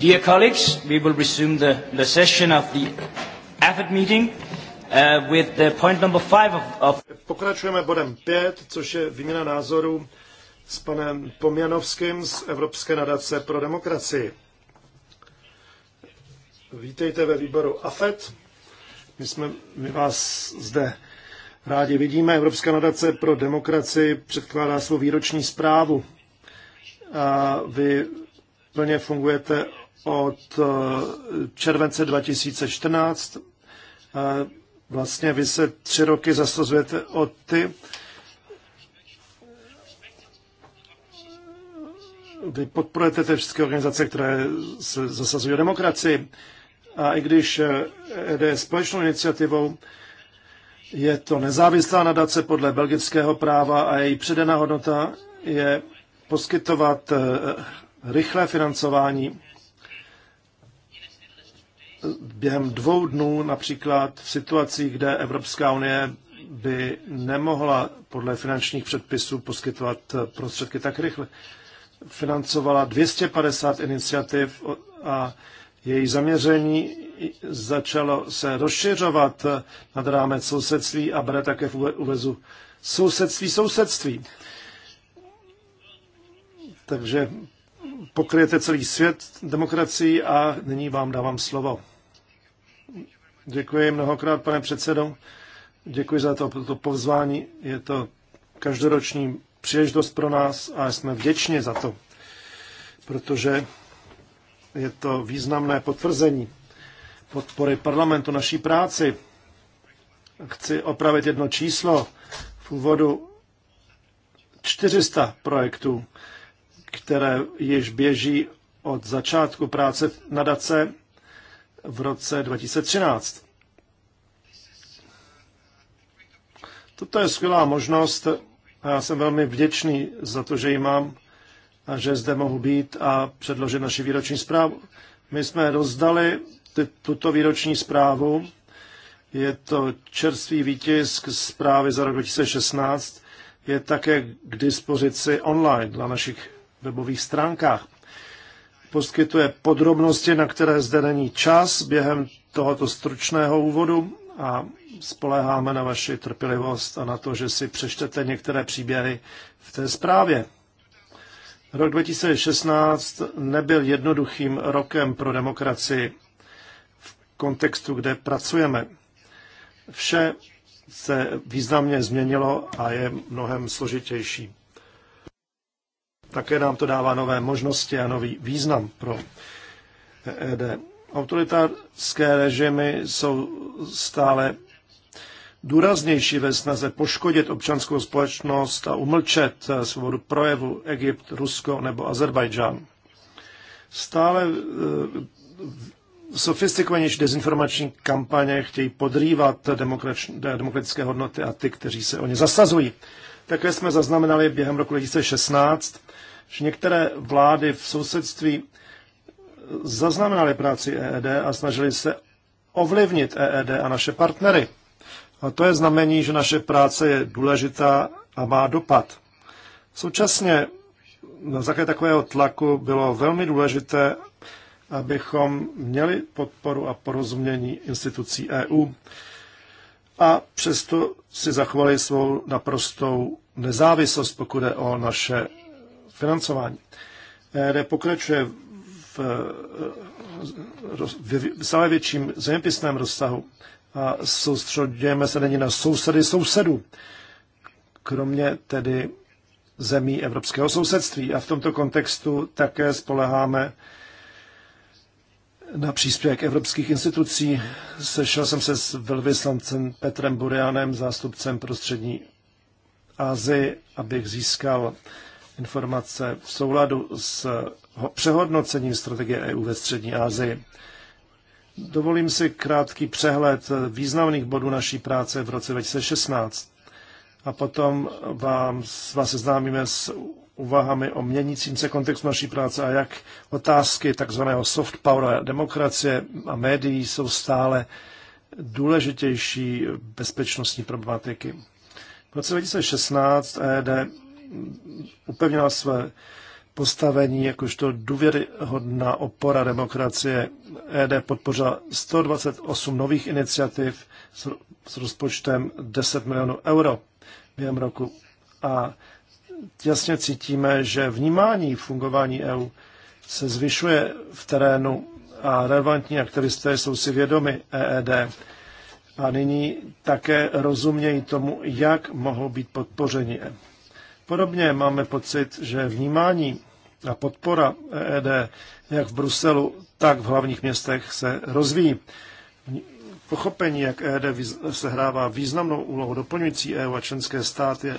Dear colleagues, we will resume the, the session of the AFED meeting uh, with the point number five of, of... Pokračujeme bodem 5, což je výměna názoru s panem Pomjanovským z Evropské nadace pro demokracii. Vítejte ve výboru AFET. My, jsme, my vás zde rádi vidíme. Evropská nadace pro demokracii předkládá svou výroční zprávu. A vy plně fungujete od eh, července 2014. Eh, vlastně vy se tři roky zasazujete o ty, vy podporujete ty všechny organizace, které se zasazují o demokracii. A i když eh, jde je společnou iniciativou, je to nezávislá nadace podle belgického práva a její předená hodnota je poskytovat rychlé financování během dvou dnů například v situacích, kde Evropská unie by nemohla podle finančních předpisů poskytovat prostředky tak rychle. Financovala 250 iniciativ a její zaměření začalo se rozšiřovat nad rámec sousedství a bere také v uvezu sousedství sousedství. Takže pokryjete celý svět demokracií a nyní vám dávám slovo. Děkuji mnohokrát, pane předsedo. Děkuji za to, to pozvání. Je to každoroční příležitost pro nás a jsme vděční za to, protože je to významné potvrzení podpory parlamentu naší práci. Chci opravit jedno číslo. V úvodu 400 projektů, které již běží od začátku práce nadace v roce 2013. Toto je skvělá možnost a já jsem velmi vděčný za to, že ji mám a že zde mohu být a předložit naši výroční zprávu. My jsme rozdali tuto výroční zprávu. Je to čerstvý výtisk zprávy za rok 2016. Je také k dispozici online na našich webových stránkách poskytuje podrobnosti, na které zde není čas během tohoto stručného úvodu a spoleháme na vaši trpělivost a na to, že si přečtete některé příběhy v té zprávě. Rok 2016 nebyl jednoduchým rokem pro demokracii v kontextu, kde pracujeme. Vše se významně změnilo a je mnohem složitější. Také nám to dává nové možnosti a nový význam pro EED. Autoritárské režimy jsou stále důraznější ve snaze poškodit občanskou společnost a umlčet eh, svobodu projevu Egypt, Rusko nebo Azerbajdžán. Stále eh, sofistikovanější dezinformační kampaně chtějí podrývat demokratické hodnoty a ty, kteří se o ně zasazují. Také jsme zaznamenali během roku 2016, že některé vlády v sousedství zaznamenaly práci EED a snažili se ovlivnit EED a naše partnery. A to je znamení, že naše práce je důležitá a má dopad. Současně na základě takového tlaku bylo velmi důležité, abychom měli podporu a porozumění institucí EU a přesto si zachovali svou naprostou nezávislost, pokud je o naše financování. ERD eh, pokračuje v, eh, v stále větším zeměpisném rozsahu a soustředujeme se není na sousedy sousedů, kromě tedy zemí evropského sousedství. A v tomto kontextu také spoleháme na příspěvek evropských institucí. Sešel jsem se s velvyslancem Petrem Burianem, zástupcem prostřední Asii, abych získal informace v souladu s přehodnocením strategie EU ve střední Asii. Dovolím si krátký přehled významných bodů naší práce v roce 2016 a potom vám, vás seznámíme s úvahami o měnícím se kontextu naší práce a jak otázky takzvaného soft power demokracie a médií jsou stále důležitější bezpečnostní problematiky. V roce 2016 ED upevnila své postavení jakožto důvěryhodná opora demokracie. ED podpořila 128 nových iniciativ s rozpočtem 10 milionů euro během roku a jasně cítíme, že vnímání fungování EU se zvyšuje v terénu a relevantní aktivisté jsou si vědomi EED a nyní také rozumějí tomu, jak mohou být podpořeni. E e Podobně máme pocit, že vnímání a podpora EED jak v Bruselu, tak v hlavních městech se rozvíjí. Pochopení, jak EED sehrává významnou úlohu doplňující EU a členské státy,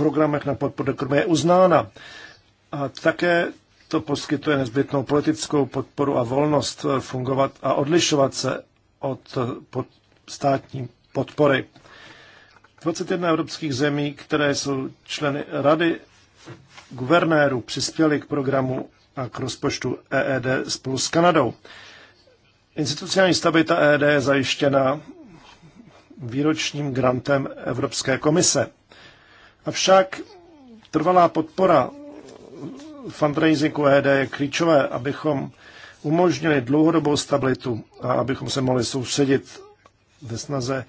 programech na podporu je uznána. A také to poskytuje nezbytnou politickou podporu a volnost eh, fungovat a odlišovat se od eh, pod státní podpory. 21 evropských zemí, které jsou členy Rady guvernérů, přispěly k programu a k rozpočtu EED spolu s Kanadou. Institucionální stabilita EED je zajištěna výročním grantem Evropské komise. Avšak trvalá podpora fundraisingu ED je klíčové, abychom umožnili dlouhodobou stabilitu a abychom se mohli soustředit ve snaze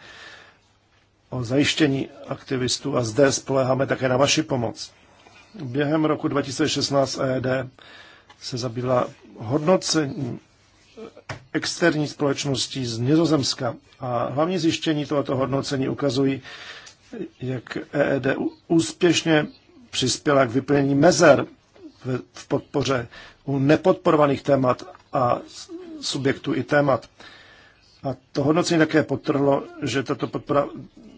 o zajištění aktivistů a zde spoleháme také na vaši pomoc. Během roku 2016 EED se zabývala hodnocení externí společností z Nizozemska a hlavní zjištění tohoto hodnocení ukazují, jak EED úspěšně přispěla k vyplnění mezer v podpoře u nepodporovaných témat a subjektů i témat. A to hodnocení také potrhlo, že tato podpora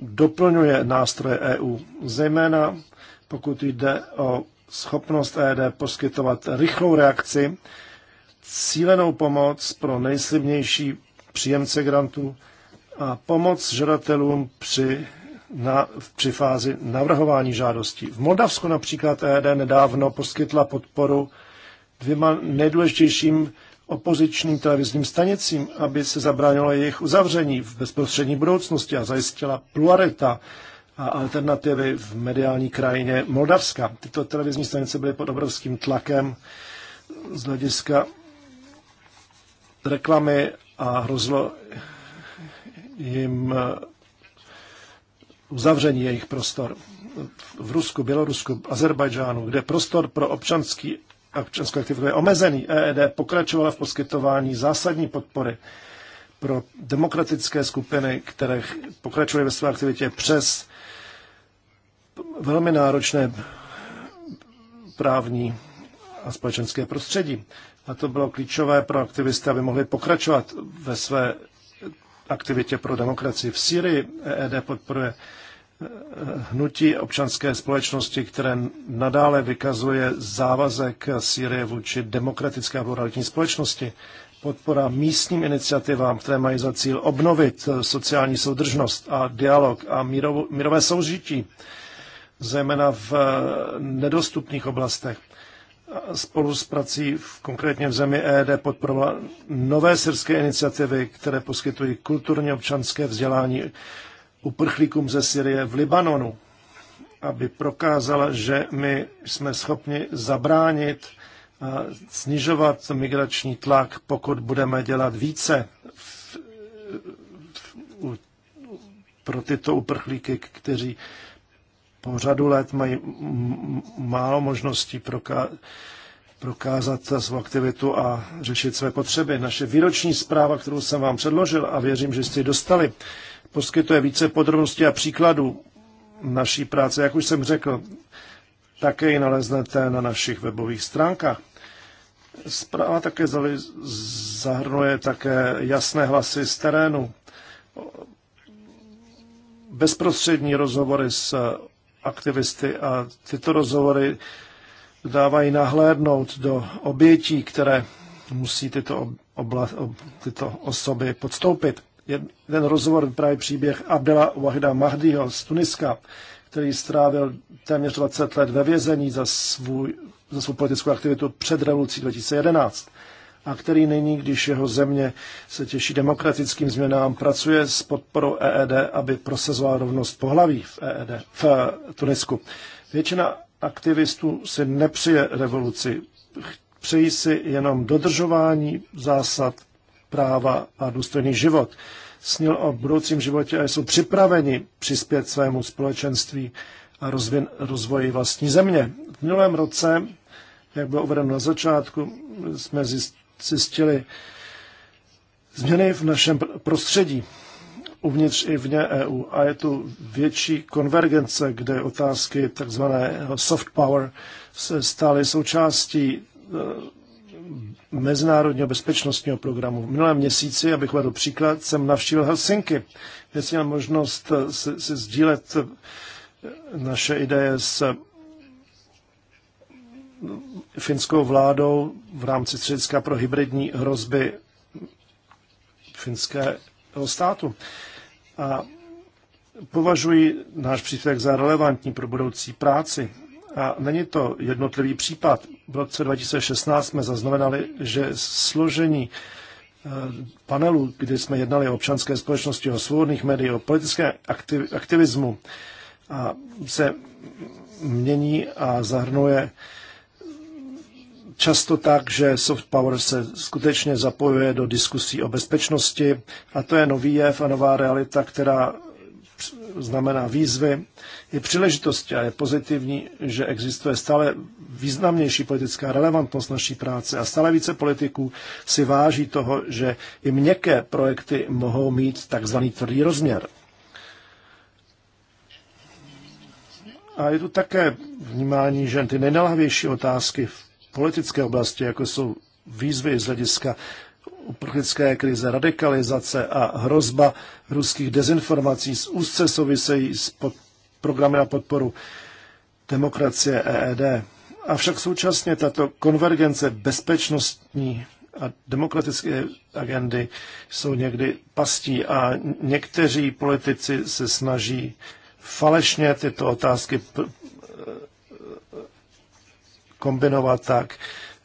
doplňuje nástroje EU, zejména pokud jde o schopnost EED poskytovat rychlou reakci, cílenou pomoc pro nejslibnější příjemce grantů a pomoc žadatelům při na, při fázi navrhování žádostí. V Moldavsku například ED nedávno poskytla podporu dvěma nejdůležitějším opozičním televizním stanicím, aby se zabránilo jejich uzavření v bezprostřední budoucnosti a zajistila pluralita a alternativy v mediální krajině Moldavska. Tyto televizní stanice byly pod obrovským tlakem z hlediska reklamy a hrozilo jim uzavření jejich prostor v Rusku, Bělorusku, Azerbajdžánu, kde prostor pro občanský a občanskou aktivitu je omezený, EED pokračovala v poskytování zásadní podpory pro demokratické skupiny, které pokračují ve své aktivitě přes velmi náročné právní a společenské prostředí. A to bylo klíčové pro aktivisty, aby mohli pokračovat ve své aktivitě pro demokracii v Syrii. EED podporuje e, hnutí občanské společnosti, které nadále vykazuje závazek Syrie vůči demokratické a pluralitní společnosti. Podpora místním iniciativám, které mají za cíl obnovit sociální soudržnost a dialog a mírové soužití, zejména v e, nedostupných oblastech spolu s prací v, konkrétně v zemi ED podporovala nové syrské iniciativy, které poskytují kulturně občanské vzdělání uprchlíkům ze Syrie v Libanonu, aby prokázala, že my jsme schopni zabránit a snižovat migrační tlak, pokud budeme dělat více v, v, u, pro tyto uprchlíky, kteří po řadu let mají málo možností proká- prokázat svou aktivitu a řešit své potřeby. Naše výroční zpráva, kterou jsem vám předložil a věřím, že jste ji dostali, poskytuje více podrobností a příkladů naší práce. Jak už jsem řekl, také ji naleznete na našich webových stránkách. Zpráva také zahrnuje také jasné hlasy z terénu, bezprostřední rozhovory s aktivisty a tyto rozhovory dávají nahlédnout do obětí, které musí tyto, obla, tyto osoby podstoupit. Jeden rozhovor vypráví příběh Abdela Wahida Mahdiho z Tuniska, který strávil téměř 20 let ve vězení za, svou, za svou politickou aktivitu před revolucí 2011 a který nyní, když jeho země se těší demokratickým změnám, pracuje s podporou EED, aby prosazoval rovnost pohlaví v, EED, v eh, Tunisku. Většina aktivistů si nepřije revoluci, přejí si jenom dodržování zásad práva a důstojný život. Snil o budoucím životě a jsou připraveni přispět svému společenství a rozvin, rozvoji vlastní země. V minulém roce, jak bylo uvedeno na začátku, jsme zjistili, zjistili změny v našem prostředí uvnitř i vně EU. A je tu větší konvergence, kde otázky tzv. soft power se staly součástí e, mezinárodního bezpečnostního programu. V minulém měsíci, abych vedl příklad, jsem navštívil Helsinky, kde jsem měl možnost e, si, si sdílet e, naše ideje s finskou vládou v rámci střediska pro hybridní hrozby finského státu. A považuji náš příspěvek za relevantní pro budoucí práci. A není to jednotlivý případ. V roce 2016 jsme zaznamenali, že složení eh, panelu, kdy jsme jednali o občanské společnosti, o svobodných médií, o politické aktivismu, a se mění a zahrnuje často tak, že soft power se skutečně zapojuje do diskusí o bezpečnosti a to je nový jev a nová realita, která znamená výzvy Je příležitost, a je pozitivní, že existuje stále významnější politická relevantnost naší práce a stále více politiků si váží toho, že i měkké projekty mohou mít takzvaný tvrdý rozměr. A je tu také vnímání, že ty nejnalhavější otázky v politické oblasti, jako jsou výzvy z hlediska uprchlické krize, radikalizace a hrozba ruských dezinformací z úzce souvisejí s pod programy na podporu demokracie EED. Avšak současně tato konvergence bezpečnostní a demokratické agendy jsou někdy pastí a někteří politici se snaží falešně tyto otázky kombinovat tak,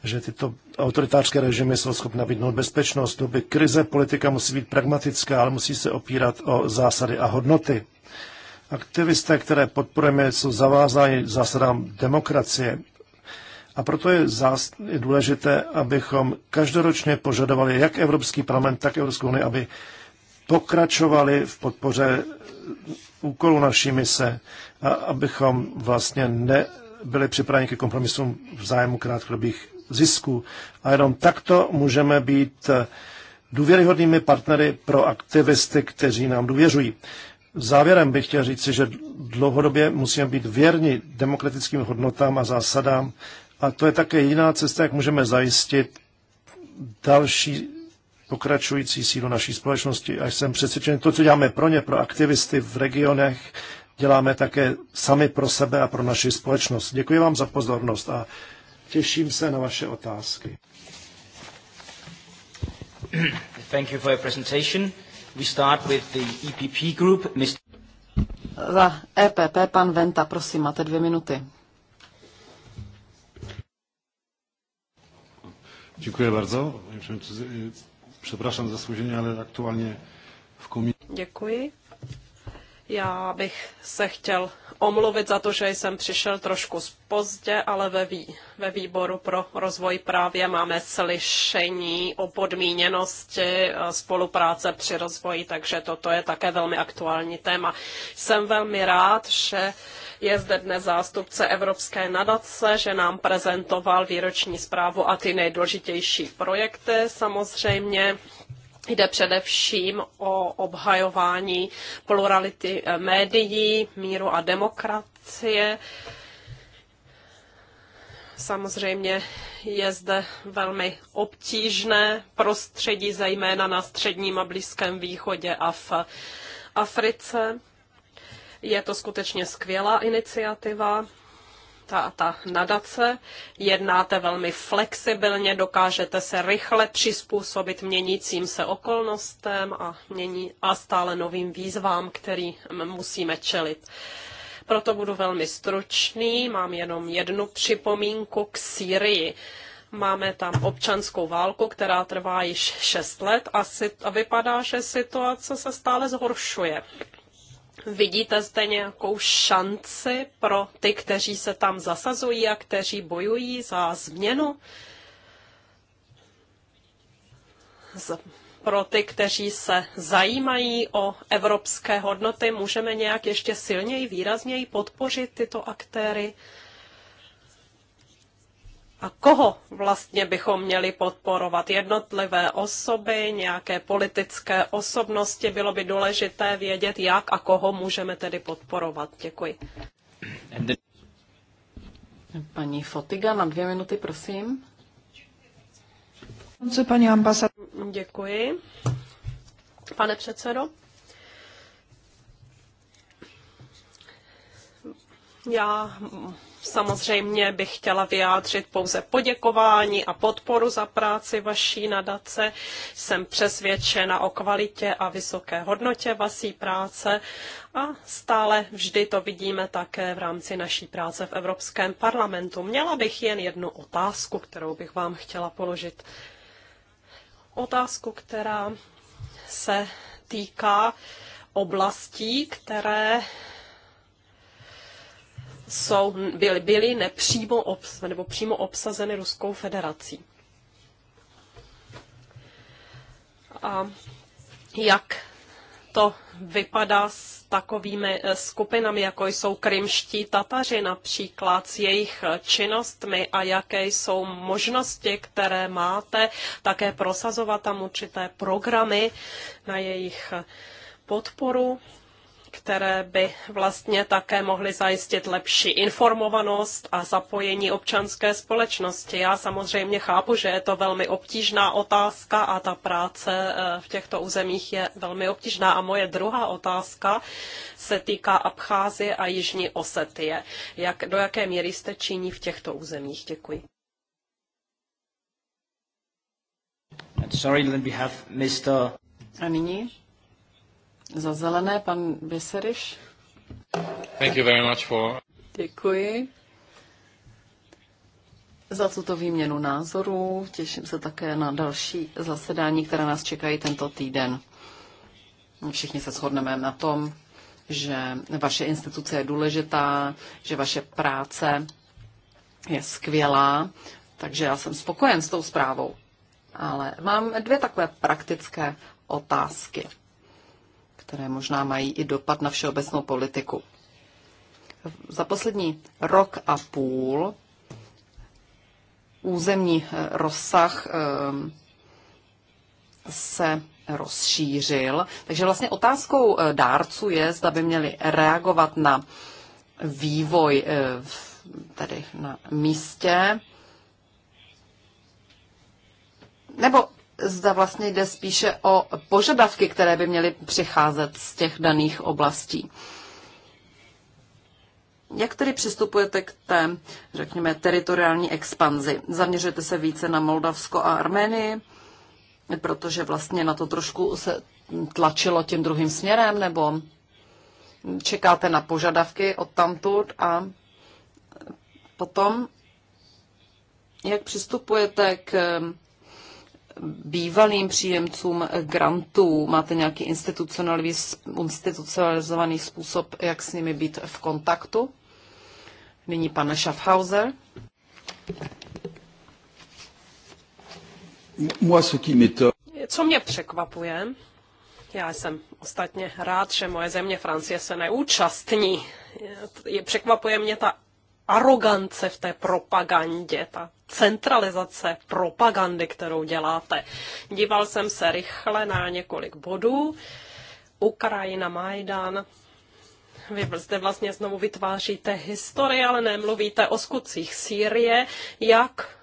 že tyto autoritářské režimy jsou schopné nabídnout bezpečnost. V době krize politika musí být pragmatická, ale musí se opírat o zásady a hodnoty. Aktivisté, které podporujeme, jsou zavázáni zásadám demokracie. A proto je, zás, je důležité, abychom každoročně požadovali jak Evropský parlament, tak Evropskou unii, aby pokračovali v podpoře úkolu naší mise a abychom vlastně ne, byli připraveni ke kompromisům v zájmu krátkodobých zisků. A jenom takto můžeme být eh, důvěryhodnými partnery pro aktivisty, kteří nám důvěřují. Závěrem bych chtěl říci, že dlouhodobě musíme být věrni demokratickým hodnotám a zásadám a to je také jediná cesta, jak můžeme zajistit další pokračující sílu naší společnosti. A jsem přesvědčen, to, co děláme pro ně, pro aktivisty v regionech děláme také sami pro sebe a pro naši společnost. Děkuji vám za pozornost a těším se na vaše otázky. Thank you for your presentation. We start with the EPP group. Mr. Za EPP pan Venta, prosím, máte dvě minuty. Děkuji bardzo. Przepraszam za spóźnienie, ale aktuálně v komisji. Děkuji. Já bych se chtěl omluvit za to, že jsem přišel trošku pozdě, ale ve, vý, ve výboru pro rozvoj právě máme slyšení o podmíněnosti e, spolupráce při rozvoji, takže toto je také velmi aktuální téma. Jsem velmi rád, že je zde dnes zástupce Evropské nadace, že nám prezentoval výroční zprávu a ty nejdůležitější projekty samozřejmě Jde především o obhajování plurality eh, médií, míru a demokracie. Samozřejmě je zde velmi obtížné prostředí, zejména na středním a blízkém východě a v Africe. Je to skutečně skvělá iniciativa ta, ta nadace, jednáte velmi flexibilně, dokážete se rychle přizpůsobit měnícím se okolnostem a, mění, a stále novým výzvám, který musíme čelit. Proto budu velmi stručný, mám jenom jednu připomínku k Syrii. Máme tam občanskou válku, která trvá již 6 let a, si, a vypadá, že situace se stále zhoršuje. Vidíte zde nějakou šanci pro ty, kteří se tam zasazují a kteří bojují za změnu? Z, pro ty, kteří se zajímají o evropské hodnoty, můžeme nějak ještě silněji, výrazněji podpořit tyto aktéry? a koho vlastně bychom měli podporovat? Jednotlivé osoby, nějaké politické osobnosti? Bylo by důležité vědět, jak a koho můžeme tedy podporovat. Děkuji. Paní Fotiga, na dvě minuty, prosím. Paní ambasad... Děkuji. Pane předsedo. Já Samozřejmě bych chtěla vyjádřit pouze poděkování a podporu za práci vaší nadace. Jsem přesvědčena o kvalitě a vysoké hodnotě vaší práce a stále vždy to vidíme také v rámci naší práce v Evropském parlamentu. Měla bych jen jednu otázku, kterou bych vám chtěla položit. Otázku, která se týká oblastí, které jsou, byly, byly nepřímo obs, nebo přímo obsazeny Ruskou federací. A jak to vypadá s takovými eh, skupinami, jako jsou krymští Tataři například, s jejich eh, činnostmi a jaké jsou možnosti, které máte, také prosazovat tam určité programy na jejich eh, podporu které by vlastně také mohly zajistit lepší informovanost a zapojení občanské společnosti. Já samozřejmě chápu, že je to velmi obtížná otázka a ta práce eh, v těchto územích je velmi obtížná. A moje druhá otázka se týká Abcházie a Jižní Osetie. Jak, do jaké míry jste činí v těchto územích? Děkuji. sorry, we have Mr. A nyní za zelené pan Vyseriš. Thank you very much for... Děkuji za tuto výměnu názorů. Těším se také na další zasedání, které nás čekají tento týden. Všichni se shodneme na tom, že vaše instituce je důležitá, že vaše práce je skvělá, takže já jsem spokojen s tou zprávou. Ale mám dvě takové praktické otázky které možná mají i dopad na všeobecnou politiku. Za poslední rok a půl územní eh, rozsah eh, se rozšířil. Takže vlastně otázkou eh, dárců je, zda by měli reagovat na vývoj tady na místě, nebo zda vlastně jde spíše o požadavky, které by měly přicházet z těch daných oblastí. Jak tedy přistupujete k té, řekněme, teritoriální expanzi? Zaměřujete se více na Moldavsko a Arménii, protože vlastně na to trošku se tlačilo tím druhým směrem, nebo čekáte na požadavky od tamtud a potom jak přistupujete k bývalým příjemcům grantů? Máte nějaký institucionalizovaný způsob, jak s nimi být v kontaktu? Nyní pan Schaffhauser. Co mě překvapuje, já jsem ostatně rád, že moje země Francie se neúčastní. Je, překvapuje mě ta arogance v té propagandě, ta centralizace propagandy, kterou děláte. Díval jsem se rychle na několik bodů. Ukrajina, Majdan, vy zde vlastně znovu vytváříte historii, ale nemluvíte o skutcích Sýrie. Jak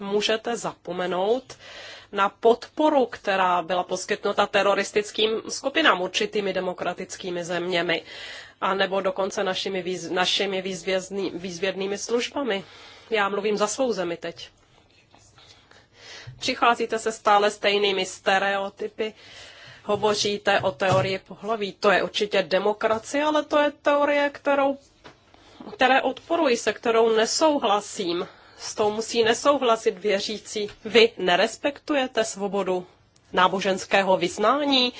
můžete zapomenout na podporu, která byla poskytnuta teroristickým skupinám určitými demokratickými zeměmi, a nebo dokonce našimi, výz, našimi výzvědnými službami. Já mluvím za svou zemi teď. Přicházíte se stále stejnými stereotypy, hovoříte o teorii pohlaví. To je určitě demokracie, ale to je teorie, kterou které odporuji, se kterou nesouhlasím s tou musí nesouhlasit věřící. Vy nerespektujete svobodu náboženského vyznání,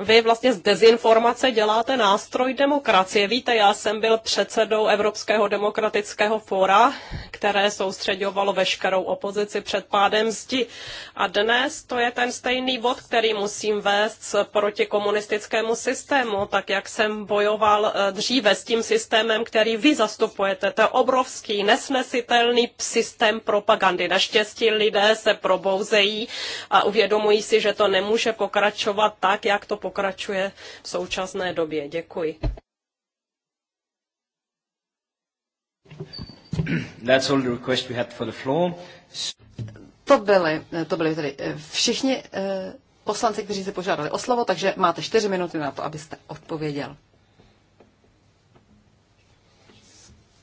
vy vlastně z dezinformace děláte nástroj demokracie. Víte, já jsem byl předsedou Evropského demokratického fóra, které soustředovalo veškerou opozici před pádem zdi. A dnes to je ten stejný bod, který musím vést proti komunistickému systému, tak jak jsem bojoval eh, dříve s tím systémem, který vy zastupujete. To je obrovský, nesnesitelný systém propagandy. Naštěstí lidé se probouzejí a uvědomují si, že to nemůže pokračovat tak, jak to pokračuje pokračuje v současné době. Děkuji. That's all the request we had for the floor. To byly, to byly tedy eh, všichni eh, poslanci, kteří se požádali o slovo, takže máte čtyři minuty na to, abyste odpověděl.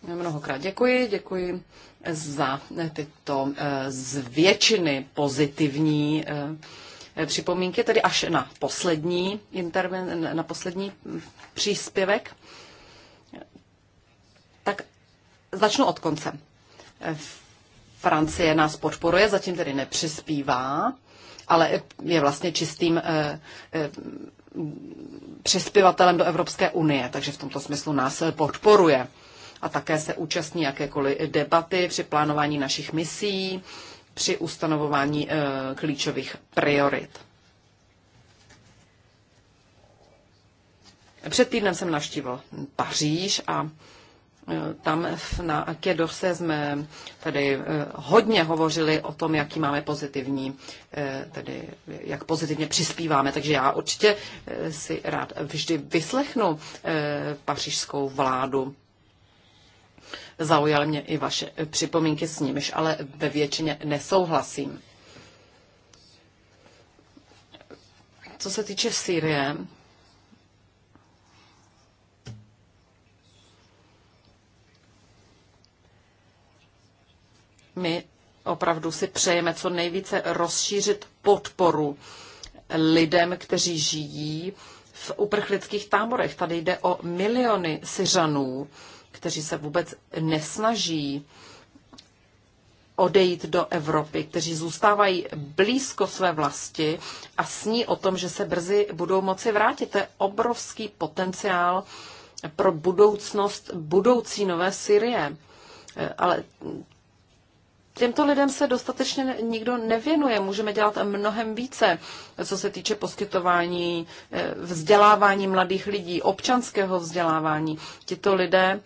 Mnohokrát děkuji, děkuji za eh, tyto zvětšiny pozitivní Eh, připomínky, tedy až na poslední, interven, na poslední příspěvek. Tak začnu od konce. Eh, Francie nás podporuje, zatím tedy nepřispívá, ale je vlastně čistým eh, přispěvatelem do Evropské unie, takže v tomto smyslu nás podporuje. A také se účastní jakékoliv debaty při plánování našich misí, při ustanovování eh, klíčových priorit. Před týdnem jsem navštívil Paříž a eh, tam na Akedorse jsme tady eh, hodně hovořili o tom, jaký máme pozitivní, tedy jak pozitivně přispíváme, takže já určitě si rád vždy vyslechnu pařížskou vládu. Zaujaly mě i vaše připomínky s nimiž, ale ve většině nesouhlasím. Co se týče Sýrie, my opravdu si přejeme co nejvíce rozšířit podporu lidem, kteří žijí v uprchlických táborech. Tady jde o miliony Syřanů, kteří se vůbec nesnaží odejít do Evropy, kteří zůstávají blízko své vlasti a sní o tom, že se brzy budou moci vrátit. To je obrovský potenciál pro budoucnost budoucí nové Syrie. Ale těmto lidem se dostatečně nikdo nevěnuje. Můžeme dělat mnohem více, co se týče poskytování eh, vzdělávání mladých lidí, občanského vzdělávání. Tito lidé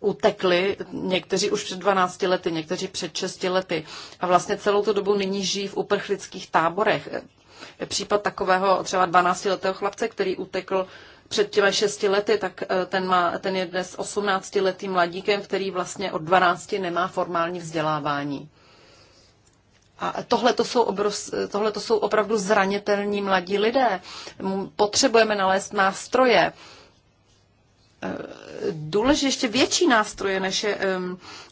utekli, někteří už před 12 lety, někteří před 6 lety a vlastně celou tu dobu nyní žijí v uprchlických táborech. Je případ takového třeba 12-letého chlapce, který utekl před těmi 6 lety, tak eh, ten, má, ten je dnes 18-letým mladíkem, který vlastně od 12 nemá formální vzdělávání. A tohle to jsou, obrov, tohle to jsou opravdu zranitelní mladí lidé. Potřebujeme nalézt nástroje, Eh, důležitě ještě větší nástroje, než je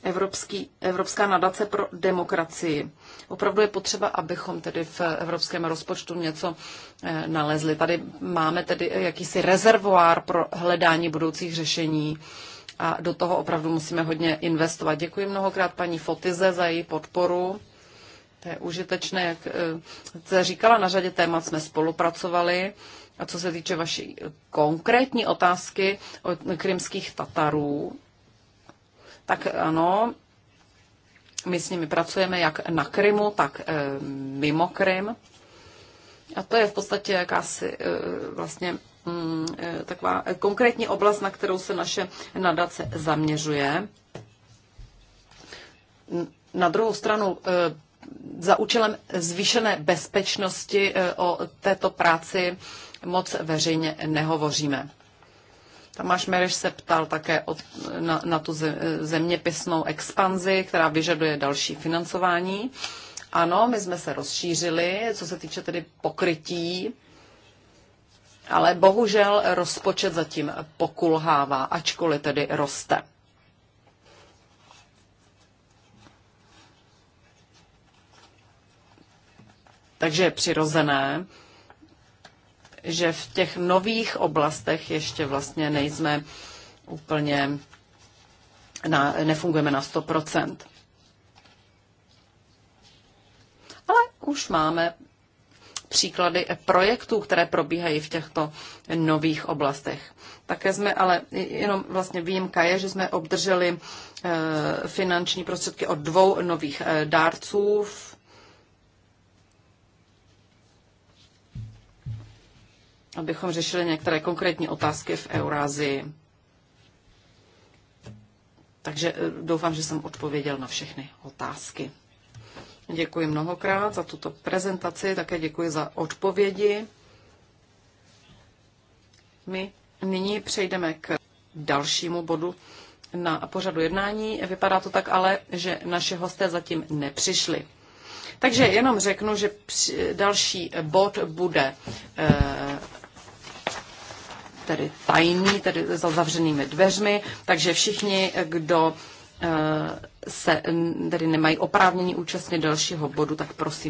Evropský, Evropská nadace pro demokracii. Opravdu je potřeba, abychom tedy v evropském rozpočtu něco eh, nalezli. Tady máme tedy jakýsi rezervoár pro hledání budoucích řešení a do toho opravdu musíme hodně investovat. Děkuji mnohokrát paní Fotize za její podporu. To je užitečné, jak se eh, říkala, na řadě témat jsme spolupracovali. A co se týče vaší konkrétní otázky o krymských Tatarů, tak ano, my s nimi pracujeme jak na Krymu, tak eh, mimo Krym. A to je v podstatě jakási eh, vlastně mm, eh, taková konkrétní oblast, na kterou se naše nadace zaměřuje. Na druhou stranu za účelem zvýšené bezpečnosti o této práci moc veřejně nehovoříme. Tamáš Mereš se ptal také od, na, na tu zeměpisnou expanzi, která vyžaduje další financování. Ano, my jsme se rozšířili, co se týče tedy pokrytí, ale bohužel rozpočet zatím pokulhává, ačkoliv tedy roste. Takže je přirozené, že v těch nových oblastech ještě vlastně nejsme úplně, na, nefungujeme na 100%. Ale už máme příklady projektů, které probíhají v těchto nových oblastech. Také jsme, ale jenom vlastně výjimka je, že jsme obdrželi eh, finanční prostředky od dvou nových eh, dárců v abychom řešili některé konkrétní otázky v Eurázii. Takže eh, doufám, že jsem odpověděl na všechny otázky. Děkuji mnohokrát za tuto prezentaci, také děkuji za odpovědi. My nyní přejdeme k dalšímu bodu na pořadu jednání. Vypadá to tak ale, že naše hosté zatím nepřišli. Takže jenom řeknu, že další bod bude eh, tedy tajný, tedy za zavřenými dveřmi, takže všichni, kdo eh, se tedy nemají oprávnění účastnit dalšího bodu, tak prosím.